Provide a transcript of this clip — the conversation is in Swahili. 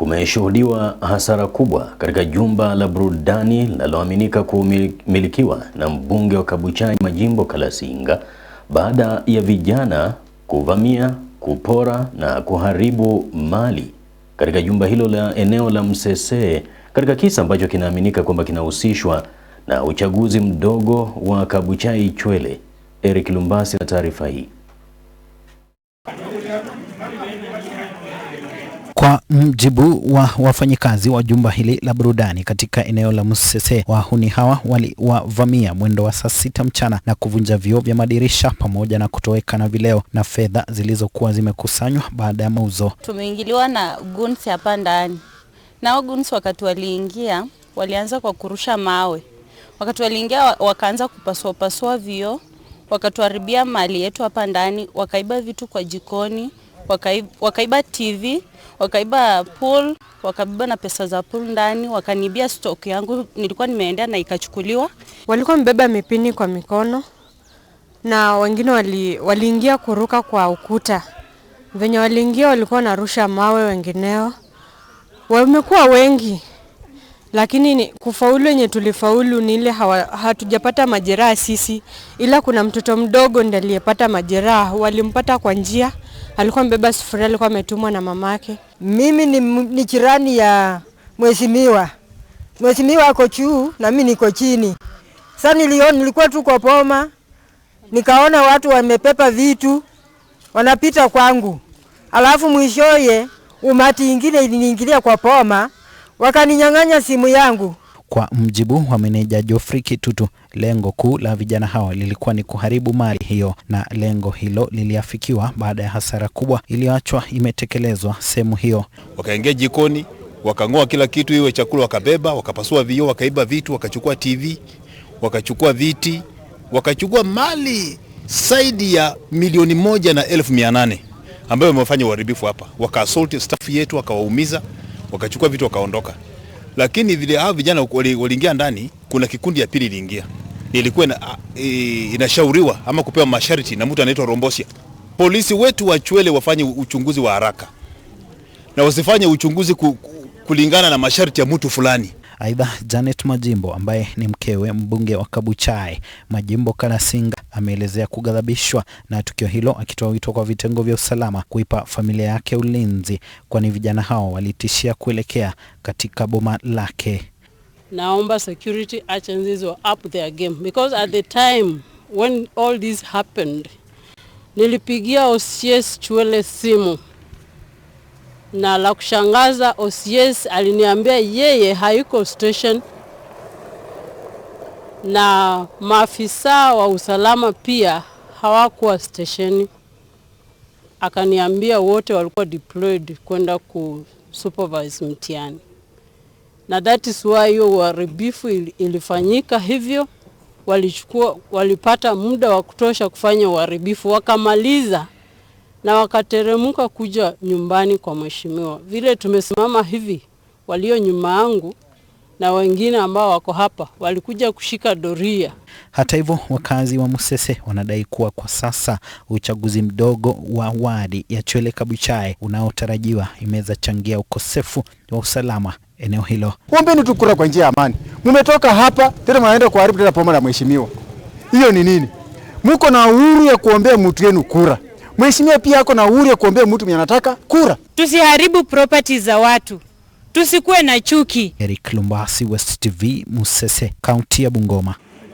kumeshuhudiwa hasara kubwa katika jumba la burudani linaloaminika kumilikiwa na mbunge wa Kabuchai Majimbo Kalasinga baada ya vijana kuvamia, kupora na kuharibu mali katika jumba hilo la eneo la Msesee katika kisa ambacho kinaaminika kwamba kinahusishwa na uchaguzi mdogo wa Kabuchai Chwele. Eric Lumbasi na taarifa hii. Kwa mjibu wa wafanyikazi wa jumba hili la burudani katika eneo la Musese, wahuni hawa waliwavamia mwendo wa saa sita mchana na kuvunja vioo vya madirisha pamoja na kutoweka na vileo na fedha zilizokuwa zimekusanywa baada ya mauzo. Tumeingiliwa na guns hapa ndani, nao guns wakati waliingia walianza kwa kurusha mawe, wakati waliingia wakaanza kupasuapasua vioo, wakatuharibia mali yetu hapa ndani, wakaiba vitu kwa jikoni wakaiba, wakaiba TV, wakaiba pool, wakabeba na pesa za pool ndani, wakanibia stock yangu nilikuwa nimeendea na ikachukuliwa. Walikuwa wamebeba mipini kwa mikono na wengine wali, waliingia kuruka kwa ukuta. Venye waliingia walikuwa wanarusha mawe, wengineo wamekuwa wengi lakini ni kufaulu yenye tulifaulu ni ile hatujapata majeraha sisi, ila kuna mtoto mdogo ndiye aliyepata majeraha. Walimpata kwa njia alikuwa amebeba sufuria, alikuwa ametumwa na mamake. Mimi ni, ni jirani ya mheshimiwa. Mheshimiwa ako juu na mimi niko chini. Sasa niliona, nilikuwa tu kwa poma, nikaona watu wamepepa vitu wanapita kwangu, alafu mwishoye umati ingine iliniingilia kwa poma, wakaninyang'anya simu yangu. Kwa mjibu wa meneja Geoffrey Kitutu, lengo kuu la vijana hao lilikuwa ni kuharibu mali hiyo, na lengo hilo liliafikiwa baada ya hasara kubwa iliyoachwa imetekelezwa sehemu hiyo. Wakaingia jikoni, wakang'oa kila kitu, iwe chakula wakabeba, wakapasua vioo, wakaiba vitu, wakachukua TV, wakachukua viti, wakachukua mali zaidi ya milioni moja na elfu mia nane ambayo wamefanya uharibifu hapa. Wakaassault staff yetu, wakawaumiza, wakachukua vitu, wakaondoka lakini vile hao vijana waliingia ndani, kuna kikundi ya pili iliingia, ilikuwa inashauriwa ama kupewa masharti na mtu anaitwa Rombosia. Polisi wetu wa Chwele wafanye uchunguzi wa haraka na wasifanye uchunguzi kulingana na masharti ya mtu fulani. Aidha, Janet Majimbo ambaye ni mkewe mbunge wa Kabuchai Majimbo Kalasinga ameelezea kughadhabishwa na tukio hilo, akitoa wito kwa vitengo vya usalama kuipa familia yake ulinzi, kwani vijana hao walitishia kuelekea katika boma lake. Naomba security agencies were up their game because at the time when all this happened nilipigia OCS Chwele simu na la kushangaza OCS aliniambia yeye hayuko station, na maafisa wa usalama pia hawakuwa stesheni. Akaniambia wote walikuwa deployed kwenda ku supervise mtihani, na that is why hiyo uharibifu ilifanyika hivyo. Walichukua, walipata muda wa kutosha kufanya uharibifu, wakamaliza na wakateremka kuja nyumbani kwa mheshimiwa. Vile tumesimama hivi, walio nyuma yangu na wengine ambao wako hapa walikuja kushika doria. Hata hivyo, wakazi wa Musese wanadai kuwa kwa sasa uchaguzi mdogo wa wadi ya Chwele Kabuchai unaotarajiwa imeweza changia ukosefu wa usalama eneo hilo. Ombeni tu kura kwa njia ya amani, mumetoka hapa tena mnaenda kuharibu tena pombe la mheshimiwa. Hiyo ni nini? Mko na uhuru ya kuombea mtu yenu kura. Mheshimiwa pia ako na uhuru ya kuombea mtu mwenye anataka kura. Tusiharibu property za watu, tusikuwe na chuki. Eric Lumbasi, West TV, Musese, kaunti ya Bungoma.